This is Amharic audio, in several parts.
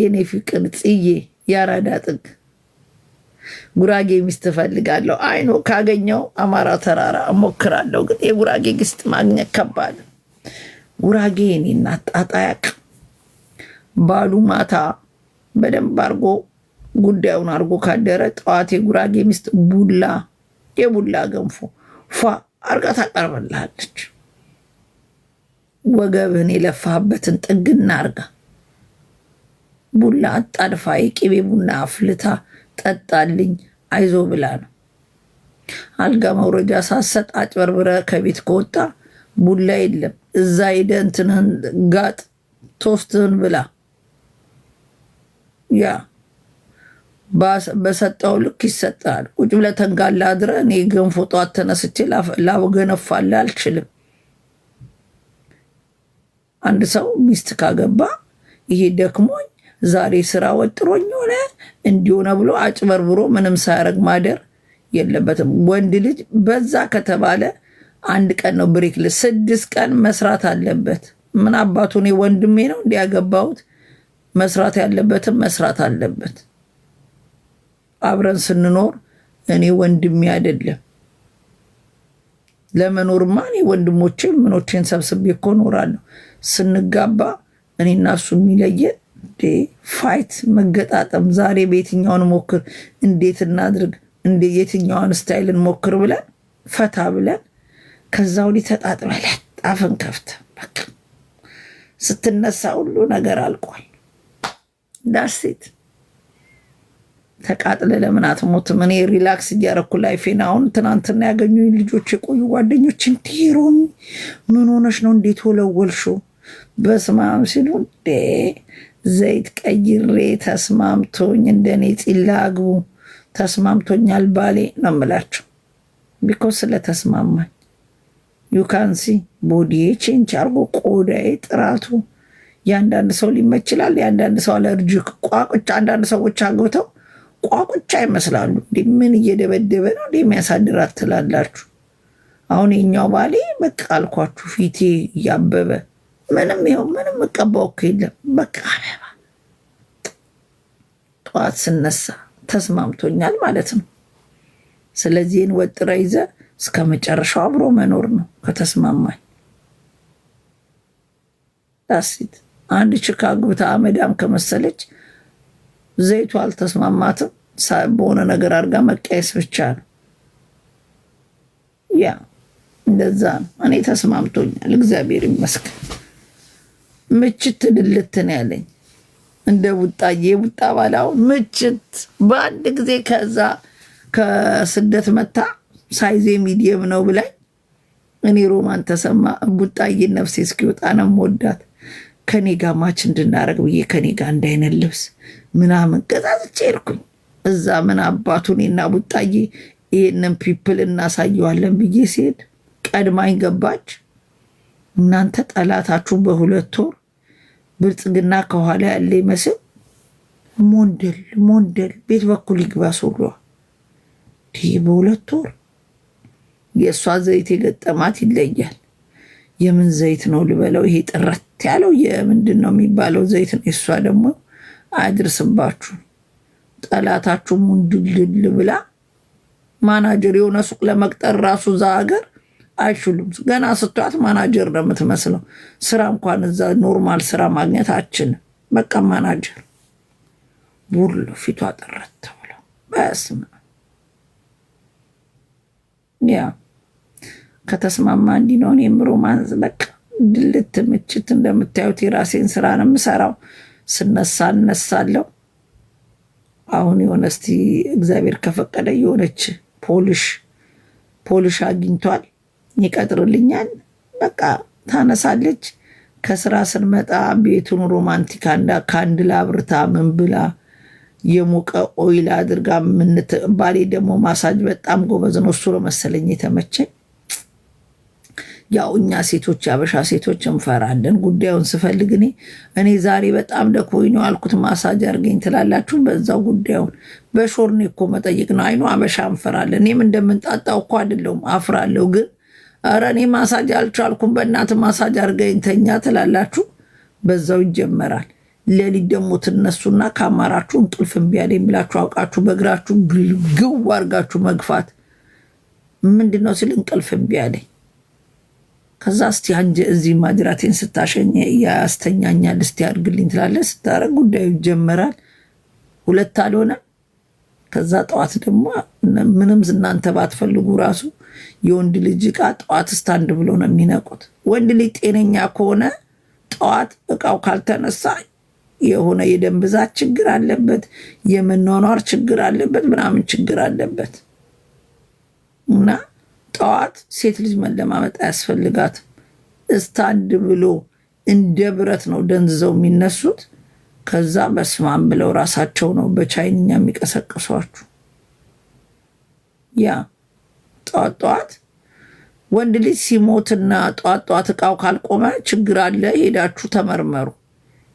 የኔ ፍቅር ጽዬ የአራዳ ጥግ ጉራጌ ሚስት እፈልጋለሁ። አይኖ ካገኘው አማራ ተራራ እሞክራለሁ። ግን የጉራጌ ግስት ማግኘት ከባድ። ጉራጌ የኔ እናት ጣጣ ያቅ ባሉ ማታ በደንብ አርጎ ጉዳዩን አርጎ ካደረ ጠዋት የጉራጌ ሚስት ቡላ የቡላ ገንፎ ፏ አርጋ ታቀርበልሃለች። ወገብህን የለፋህበትን ጥግና አርጋ ቡና አጣድፋ የቅቤ ቡና አፍልታ ጠጣልኝ አይዞ ብላ ነው። አልጋ መውረጃ ሳሰጥ አጭበርብረ ከቤት ከወጣ ቡላ የለም እዛ ሄደ እንትንህን ጋጥ ቶስትህን ብላ ያ በሰጠው ልክ ይሰጣል። ቁጭ ብለህ ተንጋላ አድረ እኔ ገንፎ ጠዋት ተነስቼ ላገነፋለ አልችልም። አንድ ሰው ሚስት ካገባ ይሄ ደክሞኝ ዛሬ ስራ ወጥሮኝ ሆነ እንዲሆነ ብሎ አጭበርብሮ ምንም ሳያደርግ ማደር የለበትም። ወንድ ልጅ በዛ ከተባለ አንድ ቀን ነው ብሬክ፣ ስድስት ቀን መስራት አለበት። ምን አባቱ እኔ ወንድሜ ነው እንዲያገባሁት መስራት ያለበትም መስራት አለበት። አብረን ስንኖር እኔ ወንድሜ አይደለም ለመኖርማ እኔ ወንድሞቼ ምኖቼን ሰብስቤ እኮ እኖራለሁ። ስንጋባ እኔና እሱ የሚለየን ፋይት መገጣጠም ዛሬ በየትኛውን ሞክር፣ እንዴት እናድርግ፣ የትኛውን ስታይልን ሞክር ብለን ፈታ ብለን ከዛ ወዲህ ተጣጥበለን ጣፍን ከፍተ በቃ ስትነሳ ሁሉ ነገር አልቋል። ዳሴት ተቃጥለ ለምን አትሞትም? እኔ ሪላክስ እያረኩ ላይፌን አሁን ትናንትና ያገኙ ልጆች የቆዩ ጓደኞች እንዲ ምን ሆነሽ ነው እንዴት ወለወልሽው? በስማም ሲሉ እንዴ ዘይት ቀይሬ ተስማምቶኝ እንደኔ ፂላ አግቡ ተስማምቶኛል ባሌ ነው ምላቸው። ቢኮስ ስለተስማማኝ ዩካንሲ ቦዲዬ ቼንች አርጎ ቆዳዬ ጥራቱ የአንዳንድ ሰው ሊመች ይችላል። የአንዳንድ ሰው አለርጂክ ቋቁቻ፣ አንዳንድ ሰዎች አግብተው ቋቁቻ ይመስላሉ። ምን እየደበደበ ነው እንዲህ የሚያሳድራት ትላላችሁ። አሁን የኛው ባሌ በቃ አልኳችሁ ፊቴ እያበበ ምንም ይኸው ምንም እቀባው እኮ የለም። በቃ አበባ ጠዋት ስነሳ ተስማምቶኛል ማለት ነው። ስለዚህን ወጥረ ይዘ እስከ መጨረሻው አብሮ መኖር ነው ከተስማማኝ። ዳሴት አንድ ችካ ግብታ አመዳም ከመሰለች ዘይቱ አልተስማማትም። በሆነ ነገር አድርጋ መቀየስ ብቻ ነው። ያ እንደዛ ነው። እኔ ተስማምቶኛል፣ እግዚአብሔር ይመስገን። ምችት ልልትን ያለኝ እንደ ውጣ የውጣ ባላው ምችት በአንድ ጊዜ ከዛ ከስደት መታ ሳይዜ ሚዲየም ነው ብላኝ እኔ ሮማን ተሰማ ቡጣዬ ነፍሴ እስኪወጣ ነው የምወዳት ከኔ ጋ ማች እንድናደርግ ብዬ ከኔ ጋ እንዳይነት ልብስ ምናምን ገዛዝቼ ሄድኩኝ። እዛ ምን አባቱ እኔና ቡጣዬ ይህንን ፒፕል እናሳየዋለን ብዬ ሲሄድ ቀድማኝ ገባች። እናንተ ጠላታችሁ በሁለት ወር ብልጽግና ከኋላ ያለ ይመስል ሞንደል ሞንደል ቤት በኩል ይግባ ሶሏ ይህ በሁለት ወር የእሷ ዘይት የገጠማት ይለያል። የምን ዘይት ነው ልበለው? ይሄ ጥረት ያለው የምንድን ነው የሚባለው ዘይት ነው። የእሷ ደግሞ አያድርስባችሁ። ጠላታችሁ ሙንድልድል ብላ ማናጀር የሆነ ሱቅ ለመቅጠር ራሱ እዛ ሀገር አይችሉም። ገና ስትዋት ማናጀር ነው የምትመስለው። ስራ እንኳን እዛ ኖርማል ስራ ማግኘት አችልም። በቃ ማናጀር ቡሎ ፊቷ ጥረት ተብሎ በስመ ያ ከተስማማ እንዲነውን የምሮ ማንዝ በቃ ድልት ምችት። እንደምታዩት የራሴን ስራ ነው የምሰራው። ስነሳ እነሳለሁ። አሁን የሆነ እስቲ እግዚአብሔር ከፈቀደ የሆነች ፖሊሽ ፖሊሽ አግኝቷል። ይቀጥርልኛል። በቃ ታነሳለች። ከስራ ስንመጣ ቤቱን ሮማንቲክ ካንድላ አብርታ ምን ብላ የሞቀ ኦይል አድርጋ ባሌ ደግሞ ማሳጅ በጣም ጎበዝ ነው። እሱ ነው የተመቸኝ። ያው እኛ ሴቶች የአበሻ ሴቶች እንፈራለን። ጉዳዩን ስፈልግ እኔ እኔ ዛሬ በጣም ደክሞኝ ነው አልኩት፣ ማሳጅ አድርገኝ ትላላችሁ። በዛው ጉዳዩን በሾርኔ እኮ መጠየቅ ነው። አይኑ አበሻ እንፈራለን። እኔም እንደምንጣጣው እኮ አይደለሁም አፍራለሁ ግን ኧረ እኔ ማሳጅ አልቻልኩም፣ በእናት ማሳጅ አድርገኝ ተኛ ትላላችሁ። በዛው ይጀመራል። ሌሊት ደግሞ ትነሱና ከአማራችሁ እንቅልፍ እምቢ አለኝ ብላችሁ አውቃችሁ በእግራችሁ ግው አድርጋችሁ መግፋት ምንድነው ሲል እንቅልፍ እምቢ አለኝ። ከዛ እስቲ አንጀ እዚህ ማጅራቴን ስታሸኘ ያስተኛኛል እስቲ አድርግልኝ ትላለ። ስታረግ ጉዳዩ ይጀመራል። ሁለት አልሆነ። ከዛ ጠዋት ደግሞ ምንም እናንተ ባትፈልጉ ራሱ የወንድ ልጅ እቃ ጠዋት ስታንድ ብሎ ነው የሚነቁት። ወንድ ልጅ ጤነኛ ከሆነ ጠዋት እቃው ካልተነሳ የሆነ የደም ብዛት ችግር አለበት፣ የመኗኗር ችግር አለበት፣ ምናምን ችግር አለበት እና ጠዋት ሴት ልጅ መለማመጥ አያስፈልጋትም። እስታንድ ብሎ እንደ ብረት ነው ደንዝዘው የሚነሱት። ከዛ በስማም ብለው ራሳቸው ነው በቻይንኛ የሚቀሰቅሷችሁ ያ ጠዋት ጠዋት ወንድ ልጅ ሲሞትና ጠዋት ጠዋት እቃው ካልቆመ ችግር አለ፣ ሄዳችሁ ተመርመሩ።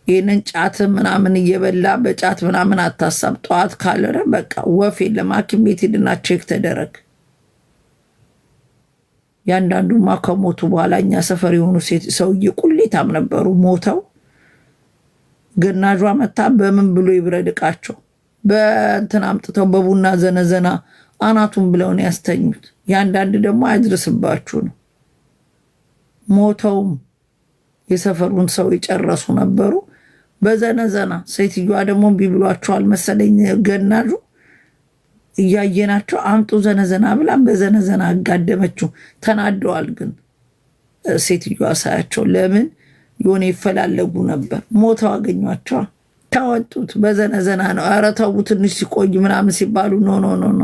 ይህንን ጫት ምናምን እየበላ በጫት ምናምን አታሳብ። ጠዋት ካለረ በቃ ወፍ የለም። ሐኪም ቤት ሄድና ቼክ ተደረግ። ያንዳንዱማ ከሞቱ በኋላ እኛ ሰፈር የሆኑ ሰውዬ ቁሌታም ነበሩ። ሞተው ገናዧ መታ በምን ብሎ ይብረድ እቃቸው በእንትን አምጥተው በቡና ዘነዘና አናቱን ብለው ያስተኙት። የአንዳንድ ደግሞ አይድርስባችሁ ነው። ሞተውም የሰፈሩን ሰው የጨረሱ ነበሩ። በዘነዘና ሴትዮዋ ደግሞ ቢብሏቸዋል መሰለኝ ገናዡ እያየናቸው አምጡ ዘነዘና ብላ በዘነዘና አጋደመችው። ተናደዋል። ግን ሴትዮዋ ሳያቸው ለምን የሆነ ይፈላለጉ ነበር። ሞተው አገኟቸዋል። ታወጡት በዘነዘና ነው። ኧረ ተው ትንሽ ሲቆይ ምናምን ሲባሉ ኖ ኖ ኖ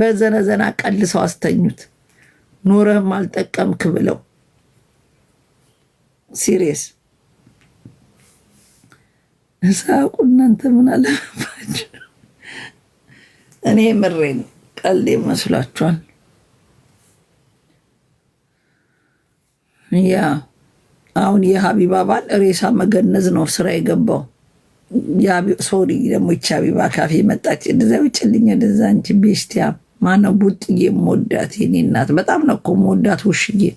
በዘነዘና ቀልሰው አስተኙት። ኑረህም አልጠቀምክ ብለው ሲሪየስ እሳቁ። እናንተ ምን አለባቸው? እኔ ምሬን ቀል ይመስላችኋል? ያ አሁን የሀቢባ ባል ሬሳ መገነዝ ነው ስራ የገባው። ሶሪ ደግሞ ይቺ ሀቢባ ካፌ መጣች። እንደዛ ውጭልኝ ወደዛ አንቺ ቤስቲያም ማነው ቡጥዬ የምወዳት የኔ እናት በጣም ነው እኮ የምወዳት ውሽዬን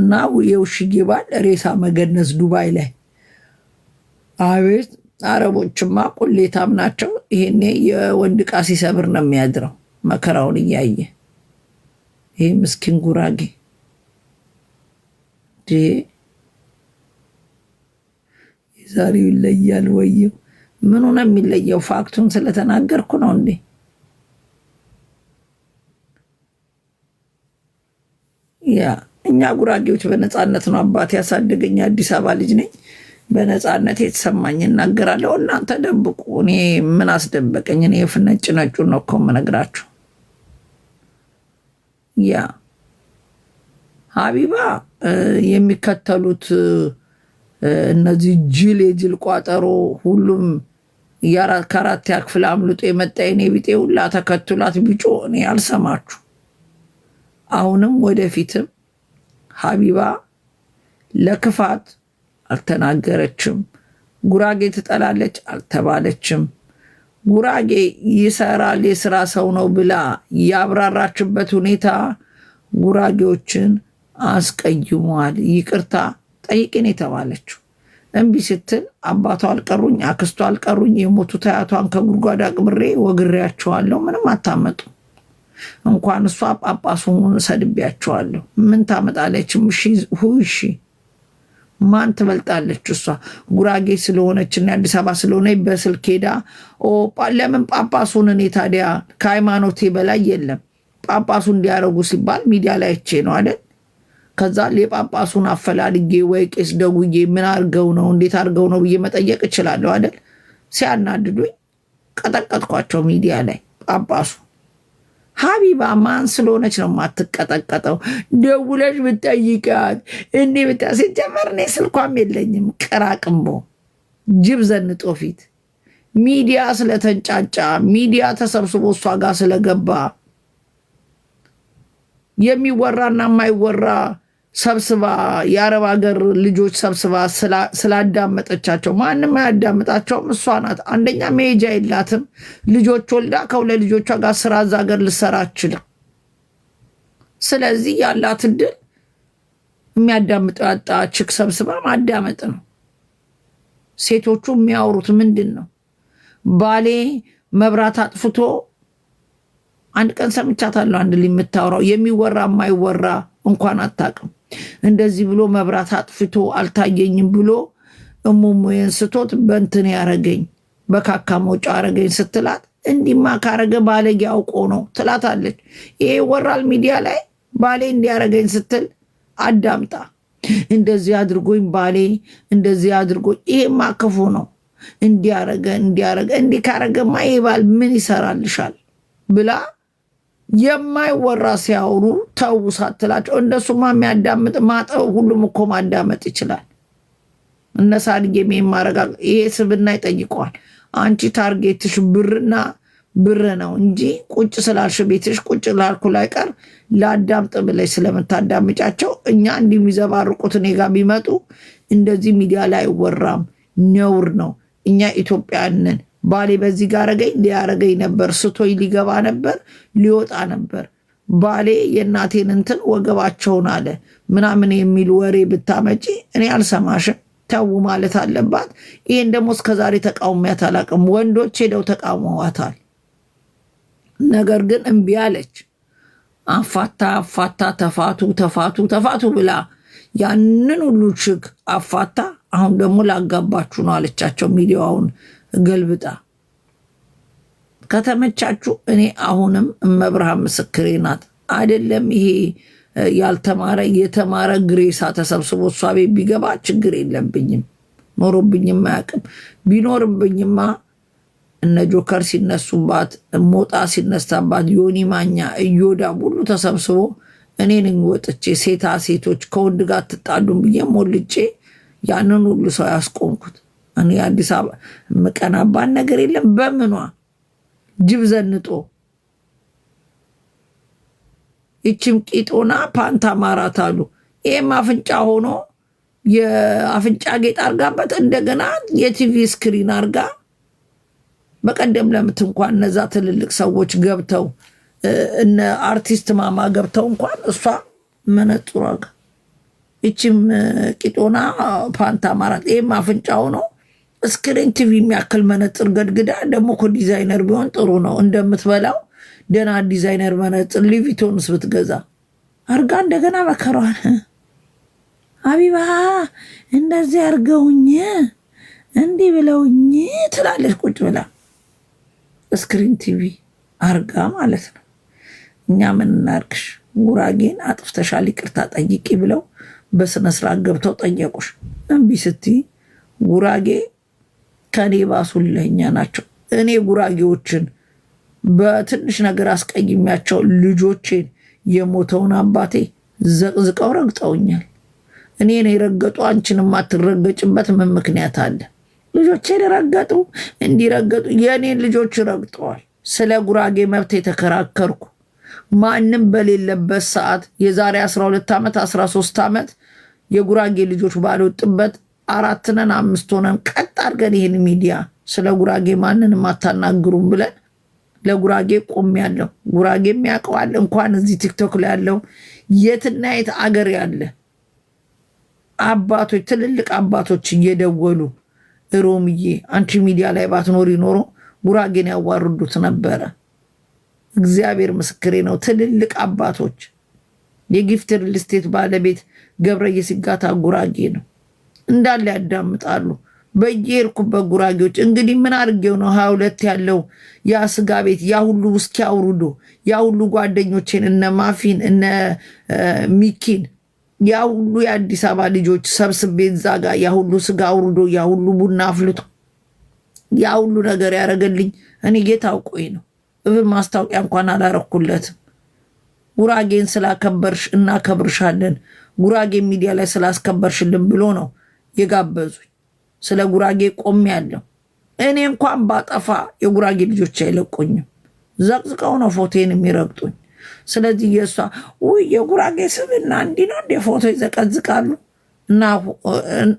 እና የውሽዬ ባል ሬሳ መገነዝ ዱባይ ላይ አቤት አረቦችማ ቁሌታም ናቸው ይሄኔ የወንድ ዕቃ ሲሰብር ነው የሚያድረው መከራውን እያየ ይሄ ምስኪን ጉራጌ የዛሬው ይለያል ወይም ምኑ ነው የሚለየው ፋክቱን ስለተናገርኩ ነው እንዴ እኛ ጉራጌዎች በነፃነት ነው አባት ያሳደገኝ። አዲስ አበባ ልጅ ነኝ። በነፃነት የተሰማኝ እናገራለሁ። እናንተ ደብቁ። እኔ ምን አስደበቀኝ? እኔ ነጭ ነጩ ነው እኮ የምነግራችሁ። ያ ሀቢባ የሚከተሉት እነዚህ ጅል የጅል ቋጠሮ ሁሉም ከአራት ያክፍል አምልጦ የመጣ የኔ ቢጤ ሁላ ተከትሏት ቢጮ እኔ አልሰማችሁ አሁንም ወደፊትም ሀቢባ ለክፋት አልተናገረችም። ጉራጌ ትጠላለች አልተባለችም። ጉራጌ ይሰራል የስራ ሰው ነው ብላ ያብራራችበት ሁኔታ ጉራጌዎችን አስቀይሟል። ይቅርታ ጠይቅን የተባለችው እምቢ ስትል አባቷ አልቀሩኝ አክስቷ አልቀሩኝ የሞቱ አያቷን ከጉድጓድ አቅብሬ ወግሬያቸዋለሁ ምንም አታመጡ እንኳን እሷ ጳጳስ ሆኑን እሰድቢያቸዋለሁ። ምን ታመጣለች? ሁሺ ማን ትበልጣለች? እሷ ጉራጌ ስለሆነች አዲስ አበባ ስለሆነ በስልክ ሄዳ ለምን ጳጳሱን እኔ ታዲያ ከሃይማኖቴ በላይ የለም ጳጳሱ እንዲያደርጉ ሲባል ሚዲያ ላይ አይቼ ነው አይደል? ከዛ የጳጳሱን አፈላልጌ ወይ ቄስ ደውዬ ምን አርገው ነው እንዴት አርገው ነው ብዬ መጠየቅ እችላለሁ አይደል? ሲያናድዱኝ ቀጠቀጥኳቸው ሚዲያ ላይ ጳጳሱ ሀቢባ ማን ስለሆነች ነው የማትቀጠቀጠው? ደውለሽ ብጠይቃት እኔ ብታ ሲጀመር እኔ ስልኳም የለኝም። ቅራቅምቦ ጅብ ዘንጦ ፊት ሚዲያ ስለተንጫጫ ሚዲያ ተሰብስቦ እሷ ጋር ስለገባ የሚወራና የማይወራ ሰብስባ የአረብ ሀገር ልጆች ሰብስባ ስላዳመጠቻቸው ማንም አያዳምጣቸውም። እሷ ናት አንደኛ መሄጃ የላትም። ልጆች ወልዳ ከሁለት ልጆቿ ጋር ስራ እዛ ሀገር ልሰራ አችልም። ስለዚህ ያላት እድል የሚያዳምጠው ያጣ ችክ ሰብስባ ማዳመጥ ነው። ሴቶቹ የሚያወሩት ምንድን ነው? ባሌ መብራት አጥፍቶ አንድ ቀን ሰምቻታለሁ። አንድ ላይ የምታወራው የሚወራ የማይወራ እንኳን አታውቅም። እንደዚህ ብሎ መብራት አጥፍቶ አልታየኝም ብሎ እሙሙዬን ስቶት በእንትን ያረገኝ በካካ መውጫ አረገኝ ስትላት እንዲማ ካረገ ባለጌ አውቆ ነው ትላታለች። ይሄ ወራል ሚዲያ ላይ ባሌ እንዲያረገኝ ስትል አዳምጣ። እንደዚህ አድርጎኝ ባሌ እንደዚህ አድርጎኝ፣ ይሄማ ክፉ ነው እንዲያረገ እንዲያረገ እንዲህ ካረገማ ይህ ባል ምን ይሰራልሻል ብላ የማይወራ ሲያወሩ ተው ሳትላቸው እንደሱማ የሚያዳምጥ ማጠው ሁሉም እኮ ማዳመጥ ይችላል። እነሳ አድጌም የማረጋ ይሄ ስብና ይጠይቀዋል። አንቺ ታርጌትሽ ብርና ብር ነው እንጂ ቁጭ ስላልሽ ቤትሽ ቁጭ ላልኩ ላይ ቀር ለአዳምጥ ብለሽ ስለምታዳምጫቸው እኛ እንዲህ የሚዘባርቁት እኔ ጋ ቢመጡ እንደዚህ ሚዲያ ላይ አይወራም፣ ነውር ነው። እኛ ኢትዮጵያንን ባሌ በዚህ ጋር አረገኝ ሊያረገኝ ነበር፣ ስቶኝ ሊገባ ነበር፣ ሊወጣ ነበር፣ ባሌ የእናቴን እንትን ወገባቸውን አለ ምናምን የሚል ወሬ ብታመጪ እኔ አልሰማሽም ተው ማለት አለባት። ይሄን ደግሞ እስከዛሬ ተቃውሚያት አላቅም። ወንዶች ሄደው ተቃውመዋታል። ነገር ግን እምቢ አለች። አፋታ አፋታ ተፋቱ ተፋቱ ተፋቱ ብላ ያንን ሁሉ ችግ አፋታ አሁን ደግሞ ላጋባችሁ ነው አለቻቸው ሚዲያውን ገልብጣ ከተመቻችሁ እኔ አሁንም እመብርሃን ምስክሬ ናት። አይደለም ይሄ ያልተማረ የተማረ ግሬሳ ተሰብስቦ እሷ ቤት ቢገባ ችግር የለብኝም፣ ኖሮብኝም አያውቅም። ቢኖርብኝማ እነ ጆከር ሲነሱባት፣ ሞጣ ሲነሳባት፣ ዮኒ ማኛ፣ እዮዳ ሁሉ ተሰብስቦ እኔን ወጥቼ ሴታ ሴቶች ከወንድ ጋር ትጣዱም ብዬ ሞልጬ ያንን ሁሉ ሰው ያስቆምኩት እኔ አዲስ አበባ የምቀናባን ነገር የለም። በምኗ ጅብ ዘንጦ ይችም ቂጦና ፓንታ ማራት አሉ። ይህም አፍንጫ ሆኖ የአፍንጫ ጌጥ አርጋበት እንደገና የቲቪ ስክሪን አርጋ በቀደም ለምት እንኳን እነዛ ትልልቅ ሰዎች ገብተው እነ አርቲስት ማማ ገብተው እንኳን እሷ መነጽሯ ጋር ይችም ቂጦና ፓንታ ማራት ይህም አፍንጫ ሆነው ስክሪን ቲቪ የሚያክል መነፅር ገድግዳ ደግሞ እኮ ዲዛይነር ቢሆን ጥሩ ነው። እንደምትበላው ደና ዲዛይነር መነፅር ሊቪቶንስ ብትገዛ አርጋ እንደገና መከሯን አቢባ እንደዚህ አርገውኝ እንዲህ ብለውኝ ትላለች ቁጭ ብላ ስክሪን ቲቪ አርጋ ማለት ነው። እኛ ምን እናርግሽ? ጉራጌን አጥፍተሻል ይቅርታ ጠይቂ ብለው በስነስርዓት ገብተው ጠየቁሽ። እምቢ ስትይ ጉራጌ ከኔ ባሱ እልኸኛ ናቸው። እኔ ጉራጌዎችን በትንሽ ነገር አስቀይሚያቸው ልጆቼን የሞተውን አባቴ ዘቅዝቀው ረግጠውኛል። እኔን የረገጡ አንቺን የማትረገጭበት ምን ምክንያት አለ? ልጆቼን ረገጡ፣ እንዲረገጡ የእኔን ልጆች ረግጠዋል። ስለ ጉራጌ መብት የተከራከርኩ ማንም በሌለበት ሰዓት የዛሬ 12 ዓመት 13 ዓመት የጉራጌ ልጆች ባልወጥበት አራት ነን አምስት ሆነን ቀጥ አድርገን ይህን ሚዲያ ስለ ጉራጌ ማንንም አታናግሩም ብለን ለጉራጌ ያለው ጉራጌ የሚያውቀዋል እንኳን እዚህ ቲክቶክ ላይ ያለው የትና የት አገር ያለ አባቶች ትልልቅ አባቶች እየደወሉ ሮምዬ አንቺ ሚዲያ ላይ ባትኖሪ ኖሮ ጉራጌን ያዋርዱት ነበረ። እግዚአብሔር ምስክሬ ነው። ትልልቅ አባቶች የጊፍት ሪል ስቴት ባለቤት ሲጋታ ጉራጌ ነው። እንዳለ ያዳምጣሉ። በየሄድኩበት ጉራጌዎች እንግዲህ ምን አድርጌው ነው ሀያ ሁለት ያለው ያ ስጋ ቤት ያ ሁሉ ውስኪ አውርዶ ያ ሁሉ ጓደኞቼን እነ ማፊን እነ ሚኪን ያ ሁሉ የአዲስ አበባ ልጆች ሰብስቤ እዛ ጋ ያ ሁሉ ስጋ አውርዶ ያ ሁሉ ቡና አፍልቶ ያ ሁሉ ነገር ያደረገልኝ እኔ ጌታ አውቆኝ ነው። እብ ማስታወቂያ እንኳን አላረኩለትም። ጉራጌን ስላከበርሽ እናከብርሻለን፣ ጉራጌ ሚዲያ ላይ ስላስከበርሽልን ብሎ ነው የጋበዙኝ። ስለ ጉራጌ ቆም ያለው እኔ እንኳን ባጠፋ የጉራጌ ልጆች አይለቁኝም። ዘቅዝቀው ነው ፎቴን የሚረግጡኝ። ስለዚህ የእሷ ውይ የጉራጌ ስብና እንዲህ ነው እንደ ፎቶ ይዘቀዝቃሉ።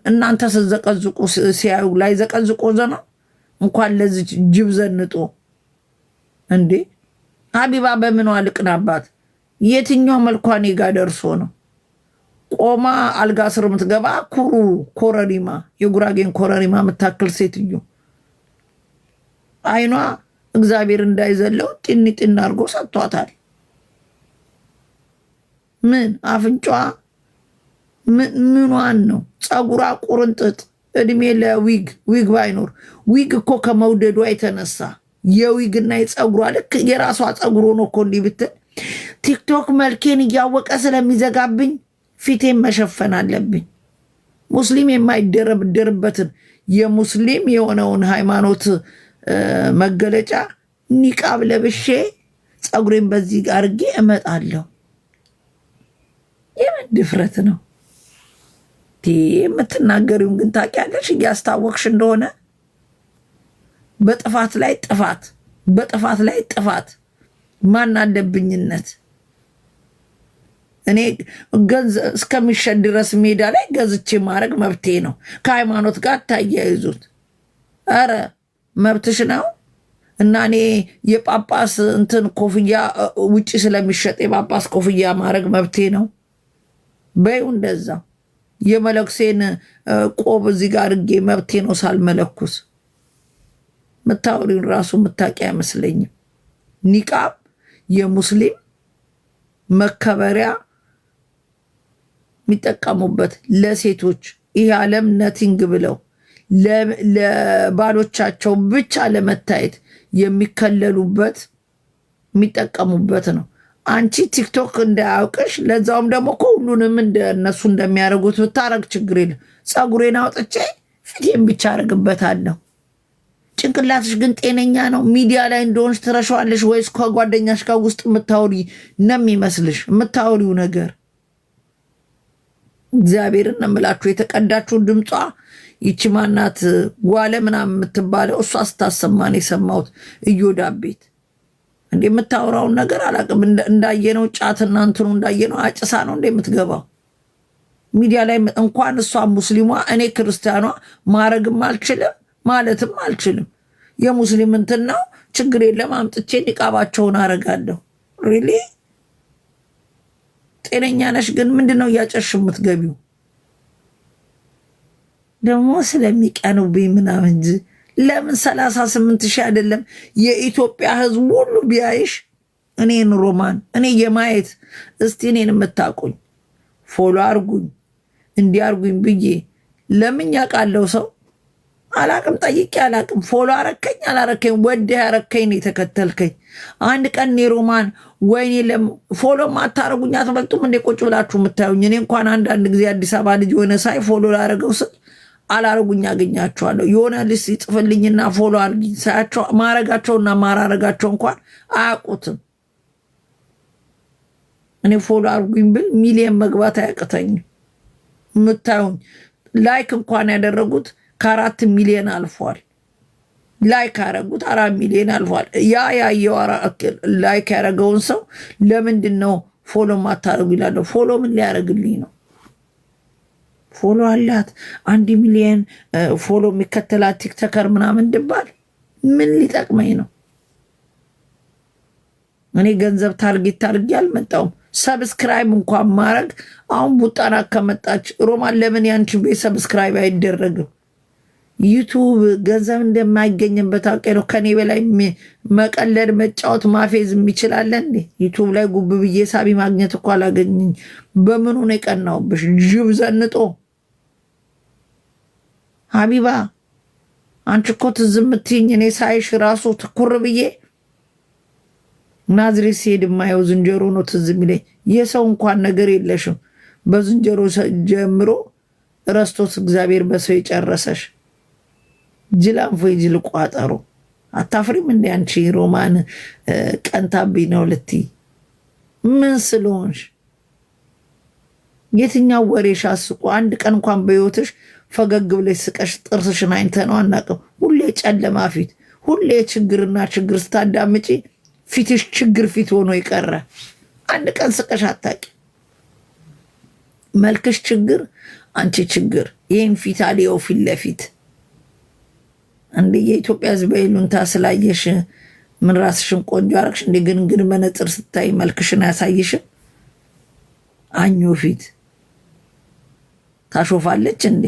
እናንተ ስዘቀዝቁ ሲያዩ ላይ ዘቀዝቆ ዘና እንኳን ለዚህ ጅብ ዘንጦ እንዴ ሀቢባ ዋልቅን አባት የትኛው መልኳኔ ጋር ደርሶ ነው? ቆማ አልጋ ስር የምትገባ ኩሩ ኮረሪማ የጉራጌን ኮረሪማ የምታክል ሴትዮ አይኗ እግዚአብሔር እንዳይዘለው ጢኒ ጢን አድርጎ ሰጥቷታል። ምን አፍንጫ ምኗን ነው? ፀጉሯ ቁርንጥጥ እድሜ ለዊግ ዊግ ባይኖር ዊግ እኮ ከመውደዷ የተነሳ የዊግና የፀጉሯ ልክ የራሷ ፀጉር ሆኖ እኮ እንዲህ ብትል ቲክቶክ መልኬን እያወቀ ስለሚዘጋብኝ ፊቴን መሸፈን አለብኝ። ሙስሊም የማይደረብደርበትን የሙስሊም የሆነውን ሃይማኖት መገለጫ ኒቃብ ለብሼ ፀጉሬን በዚህ አርጌ እመጣለሁ። የምን ድፍረት ነው? የምትናገሪውን ግን ታውቂያለሽ፣ እያስታወቅሽ እንደሆነ በጥፋት ላይ ጥፋት፣ በጥፋት ላይ ጥፋት፣ ማን አለብኝነት እኔ እስከሚሸጥ ድረስ ሜዳ ላይ ገዝቼ ማድረግ መብቴ ነው። ከሃይማኖት ጋር ታያይዙት። ኧረ መብትሽ ነው እና እኔ የጳጳስ እንትን ኮፍያ ውጭ ስለሚሸጥ የጳጳስ ኮፍያ ማድረግ መብቴ ነው በይው። እንደዛ የመለኩሴን ቆብ እዚህ ጋር አድርጌ መብቴ ነው ሳልመለኩስ። ምታወሪውን ራሱ ምታቂ አይመስለኝም። ኒቃብ የሙስሊም መከበሪያ የሚጠቀሙበት ለሴቶች ይህ ዓለም ነቲንግ ብለው ለባሎቻቸው ብቻ ለመታየት የሚከለሉበት የሚጠቀሙበት ነው። አንቺ ቲክቶክ እንዳያውቅሽ ለዛውም ደግሞ እኮ ሁሉንም እንደነሱ እንደሚያደርጉት ብታረግ ችግር የለም። ፀጉሬን አውጥቼ ፊቴን ብቻ አለው ጭንቅላትሽ ግን ጤነኛ ነው? ሚዲያ ላይ እንደሆንሽ ትረሸዋለሽ ወይስ ከጓደኛሽ ጋር ውስጥ የምታወሪ ነው የሚመስልሽ የምታወሪው ነገር እግዚአብሔርን እምላችሁ የተቀዳችሁ ድምጿ ይቺ ማናት ጓለ ምናምን የምትባለው እሷ ስታሰማን የሰማሁት እዮዳ ቤት እንደ የምታወራውን ነገር አላቅም። እንዳየነው ጫትና እንትኑ እንዳየነው አጭሳ ነው እንደ የምትገባው ሚዲያ ላይ እንኳን እሷ ሙስሊሟ እኔ ክርስቲያኗ ማረግም አልችልም ማለትም አልችልም። የሙስሊም እንትን ነው ችግር የለም አምጥቼ ኒቃባቸውን አረጋለሁ ሪሊ ጤነኛ ነሽ፣ ግን ምንድን ነው እያጨሽ የምትገቢው? ደግሞ ስለሚቀኑብኝ ምናምን እንጂ ለምን ሰላሳ ስምንት ሺህ አይደለም የኢትዮጵያ ህዝብ ሁሉ ቢያይሽ እኔን ሮማን እኔ የማየት እስቲ እኔን የምታቁኝ ፎሎ አርጉኝ እንዲያርጉኝ አርጉኝ ብዬ ለምን ያውቃለው ሰው አላቅም ጠይቄ አላቅም። ፎሎ አረከኝ አላረከኝ ወደ ያረከኝ ነው የተከተልከኝ። አንድ ቀን እኔ ሮማን ወይኔ ፎሎ ማታረጉኝ አትበልጡም እንዴ ቁጭ ብላችሁ የምታዩኝ? እኔ እንኳን አንዳንድ ጊዜ አዲስ አበባ ልጅ የሆነ ሳይ ፎሎ ላረገው ስል አላረጉኝ አገኛቸዋለሁ። የሆነ ልጅ ይጽፍልኝና ፎሎ አርጊኝ ሳያቸው ማረጋቸውና ማራረጋቸው እንኳን አያውቁትም። እኔ ፎሎ አርጉኝ ብል ሚሊየን መግባት አያቅተኝም። የምታዩኝ ላይክ እንኳን ያደረጉት ከአራት ሚሊዮን አልፏል። ላይክ ያደረጉት አራት ሚሊዮን አልፏል። ያ ያየው ላይክ ያደረገውን ሰው ለምንድን ነው ፎሎ ማታደረጉ ይላለሁ። ፎሎ ምን ሊያደረግልኝ ነው? ፎሎ አላት አንድ ሚሊዮን ፎሎ የሚከተላት ቲክተከር ምናምን ድባል ምን ሊጠቅመኝ ነው? እኔ ገንዘብ ታርጌት ታርጌ አልመጣውም። ሰብስክራይብ እንኳን ማድረግ አሁን ቡጣና ከመጣች ሮማን ለምን ያንቺ ቤት ሰብስክራይብ አይደረግም? ዩቱብ ገንዘብ እንደማይገኝበት አውቄ ነው። ከኔ በላይ መቀለድ፣ መጫወት፣ ማፌዝ የሚችላለ እንዴ? ዩቱብ ላይ ጉብ ብዬ ሳቢ ማግኘት እኮ አላገኝኝ። በምኑ ነው የቀናውብሽ? ጅብ ዘንጦ ሀቢባ አንቺ እኮ ትዝ እምትይኝ እኔ ሳይሽ ራሱ ትኩር ብዬ ናዝሬት ሲሄድ የማየው ዝንጀሮ ነው ትዝ የሚለኝ። የሰው እንኳን ነገር የለሽም። በዝንጀሮ ጀምሮ እረስቶት እግዚአብሔር በሰው የጨረሰሽ ጅላ አንፎ ጅል ቋጠሮ አታፍሪም? እንደ አንቺ ሮማን ቀንታቤ ነው ልቲ ምን ስለሆንሽ የትኛው ወሬሽ አስቆ አንድ ቀን እንኳን በህይወትሽ ፈገግ ብለሽ ስቀሽ ጥርስሽን አይንተ ነው አናቅም። ሁሌ ጨለማ ፊት፣ ሁሌ ችግርና ችግር ስታዳምጪ ፊትሽ ችግር ፊት ሆኖ የቀረ አንድ ቀን ስቀሽ አታቂ መልክሽ ችግር፣ አንቺ ችግር፣ ይህን ፊት አልየው ፊት ለፊት እንደ የኢትዮጵያ ህዝብ ይሉንታ ስላየሽ ምን ራስሽን ቆንጆ አረግሽ? እንደ ግን ግን ስታይ መልክሽን አያሳይሽም? አኞ ፊት ታሾፋለች እንዴ?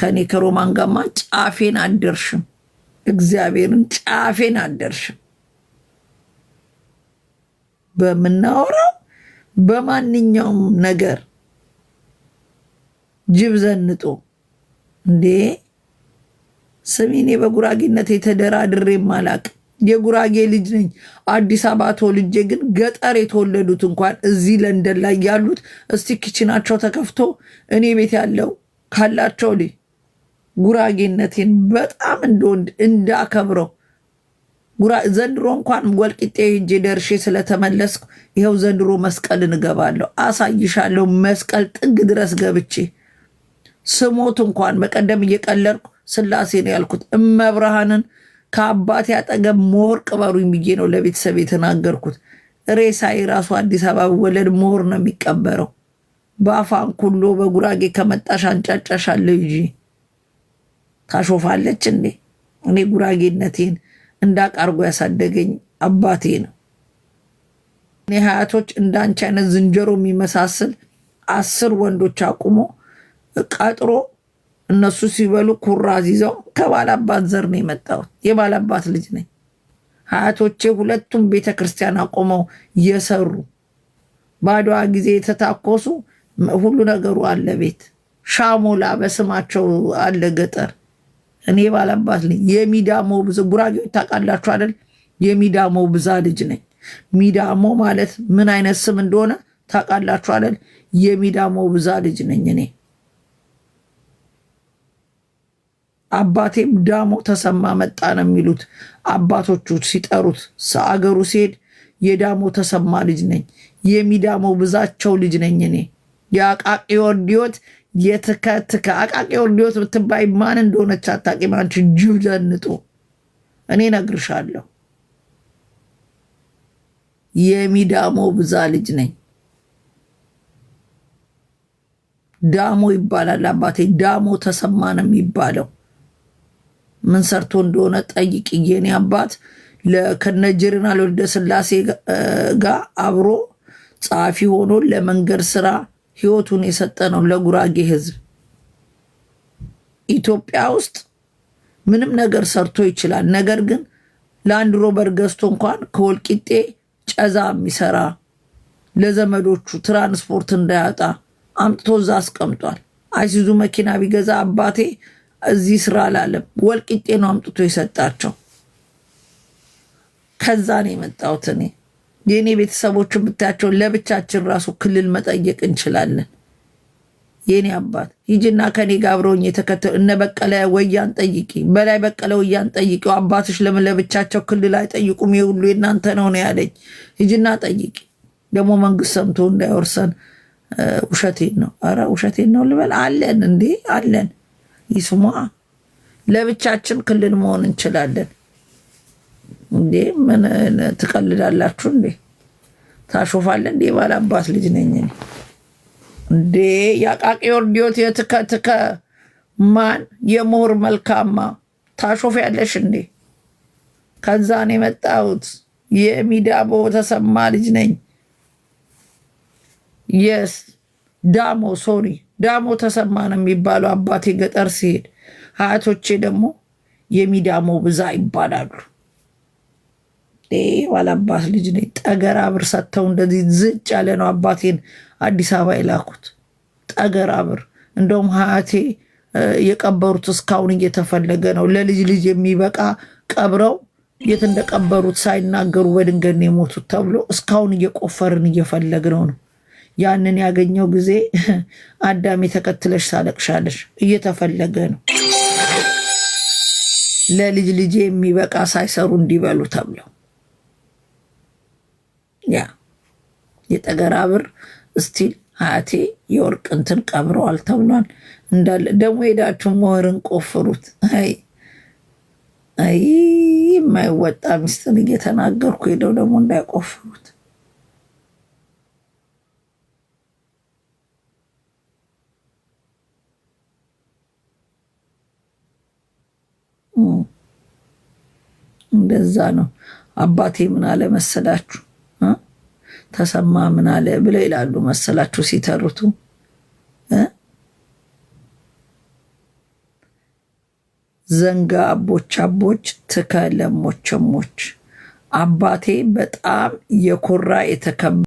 ከኔ ከሮማን ጋማ ጫፌን አደርሽም። እግዚአብሔርን ጫፌን አደርሽም። በምናወራው በማንኛውም ነገር ጅብ ዘንጦ እንዴ ስሜኔ በጉራጌነት የተደራድሬ ማላቅ የጉራጌ ልጅ ነኝ። አዲስ አበባ ተወልጄ ግን ገጠር የተወለዱት እንኳን እዚህ ለንደን ላይ ያሉት እስቲ ኪችናቸው ተከፍቶ እኔ ቤት ያለው ካላቸው ልጅ ጉራጌነቴን በጣም እንደወንድ እንዳከብረው ዘንድሮ እንኳን ወልቂጤ ሄጄ ደርሼ ስለተመለስኩ ይኸው ዘንድሮ መስቀልን እገባለሁ፣ አሳይሻለሁ። መስቀል ጥግ ድረስ ገብቼ ስሞት እንኳን በቀደም እየቀለርኩ ስላሴ ነው ያልኩት እመብርሃንን ከአባቴ አጠገብ ሞር ቅበሩኝ ብዬ ነው ለቤተሰብ የተናገርኩት። ሬሳዬ ራሱ አዲስ አበባ ወለድ ሞር ነው የሚቀበረው። በአፋን ኩሎ በጉራጌ ከመጣሽ አንጫጫሻለሁ ይዤ ታሾፋለች እንዴ? እኔ ጉራጌነቴን እንዳቃርጎ ያሳደገኝ አባቴ ነው። እኔ ሀያቶች እንዳንቺ አይነት ዝንጀሮ የሚመሳስል አስር ወንዶች አቁሞ ቀጥሮ እነሱ ሲበሉ ኩራዝ ይዘው ከባላባት ዘር ነው የመጣሁት። የባላባት ልጅ ነኝ። አያቶቼ ሁለቱም ቤተክርስቲያን አቆመው የሰሩ በአድዋ ጊዜ የተታኮሱ ሁሉ ነገሩ አለ። ቤት ሻሞላ በስማቸው አለ ገጠር። እኔ ባላባት ልጅ የሚዳሞ ብዛ ጉራጌዎች ታውቃላችሁ አይደል? የሚዳሞ ብዛ ልጅ ነኝ። ሚዳሞ ማለት ምን አይነት ስም እንደሆነ ታውቃላችሁ አይደል? የሚዳሞ ብዛ ልጅ ነኝ እኔ አባቴም ዳሞ ተሰማ መጣ ነው የሚሉት አባቶቹ ሲጠሩት። ሰአገሩ ሲሄድ የዳሞ ተሰማ ልጅ ነኝ፣ የሚዳመው ብዛቸው ልጅ ነኝ እኔ የአቃቂ ወርዲዮት የትከትከ አቃቂ ወርዲዮት ብትባይ ማን እንደሆነች አታውቂም አንቺ ጅብ ዘንጡ። እኔ ነግርሻለሁ፣ የሚዳሞ ብዛ ልጅ ነኝ። ዳሞ ይባላል አባቴ። ዳሞ ተሰማ ነው የሚባለው። ምን ሰርቶ እንደሆነ ጠይቅ። የኔ አባት ከነ ጀነራል ወልደ ስላሴ ጋር አብሮ ጸሐፊ ሆኖ ለመንገድ ስራ ህይወቱን የሰጠ ነው። ለጉራጌ ህዝብ ኢትዮጵያ ውስጥ ምንም ነገር ሰርቶ ይችላል። ነገር ግን ለአንድ ሮበር ገዝቶ እንኳን ከወልቂጤ ጨዛ የሚሰራ ለዘመዶቹ ትራንስፖርት እንዳያጣ አምጥቶ እዛ አስቀምጧል። አይሲዙ መኪና ቢገዛ አባቴ እዚህ ስራ አላለም። ወልቂጤ ነው አምጥቶ የሰጣቸው። ከዛ ነው የመጣሁት እኔ። የእኔ ቤተሰቦችን ብታያቸው ለብቻችን ራሱ ክልል መጠየቅ እንችላለን። የኔ አባት ሂጅና ከኔ ጋር አብረውኝ የተከተሉ እነ በቀለ ወያን ጠይቂ፣ በላይ በቀለ ወያን ጠይቂ። አባቶች ለምን ለብቻቸው ክልል አይጠይቁም? የሁሉ የእናንተ ነው ነው ያለኝ። ሂጂና ጠይቂ። ደግሞ መንግስት ሰምቶ እንዳይወርሰን። ውሸቴን ነው ኧረ ውሸቴን ነው ልበል። አለን እንዴ አለን ይስሟ። ለብቻችን ክልል መሆን እንችላለን። እንዴ ምን ትቀልዳላችሁ እንዴ? ታሾፋለ እንዴ? ባላባት ልጅ ነኝ እንዴ? የአቃቂ ወርዲዮት የትከትከ ማን የምሁር መልካማ ታሾፍ ያለሽ እንዴ? ከዛን የመጣሁት። የሚዳቦ ተሰማ ልጅ ነኝ። የስ ዳሞ ሶሪ ዳሞ ተሰማ ነው የሚባለው አባቴ ገጠር ሲሄድ፣ አያቶቼ ደግሞ የሚዳሞ ብዛ ይባላሉ። ባላባት ልጅ ነኝ። ጠገራ ብር ሰጥተው እንደዚህ ዝጭ ያለ ነው አባቴን አዲስ አበባ የላኩት። ጠገራ ብር እንደውም ሀያቴ የቀበሩት እስካሁን እየተፈለገ ነው። ለልጅ ልጅ የሚበቃ ቀብረው የት እንደቀበሩት ሳይናገሩ በድንገት የሞቱት ተብሎ እስካሁን እየቆፈርን እየፈለግነው ነው። ያንን ያገኘው ጊዜ አዳሜ ተከትለሽ ሳለቅሻለሽ እየተፈለገ ነው ለልጅ ልጄ የሚበቃ ሳይሰሩ እንዲበሉ ተብለው ያ የጠገራ ብር እስቲል ሀያቴ የወርቅ እንትን ቀብረዋል ተብሏል። እንዳለ ደግሞ ሄዳችሁ ሞህርን ቆፍሩት። አይ አይ የማይወጣ ሚስጥር እየተናገርኩ ሄደው ደግሞ እንዳይቆፍሩት እንደዛ ነው። አባቴ ምን አለ መሰላችሁ፣ ተሰማ ምን አለ ብለው ይላሉ መሰላችሁ ሲተርቱ ዘንጋ አቦች አቦች ሞች አባቴ በጣም የኮራ የተከበ።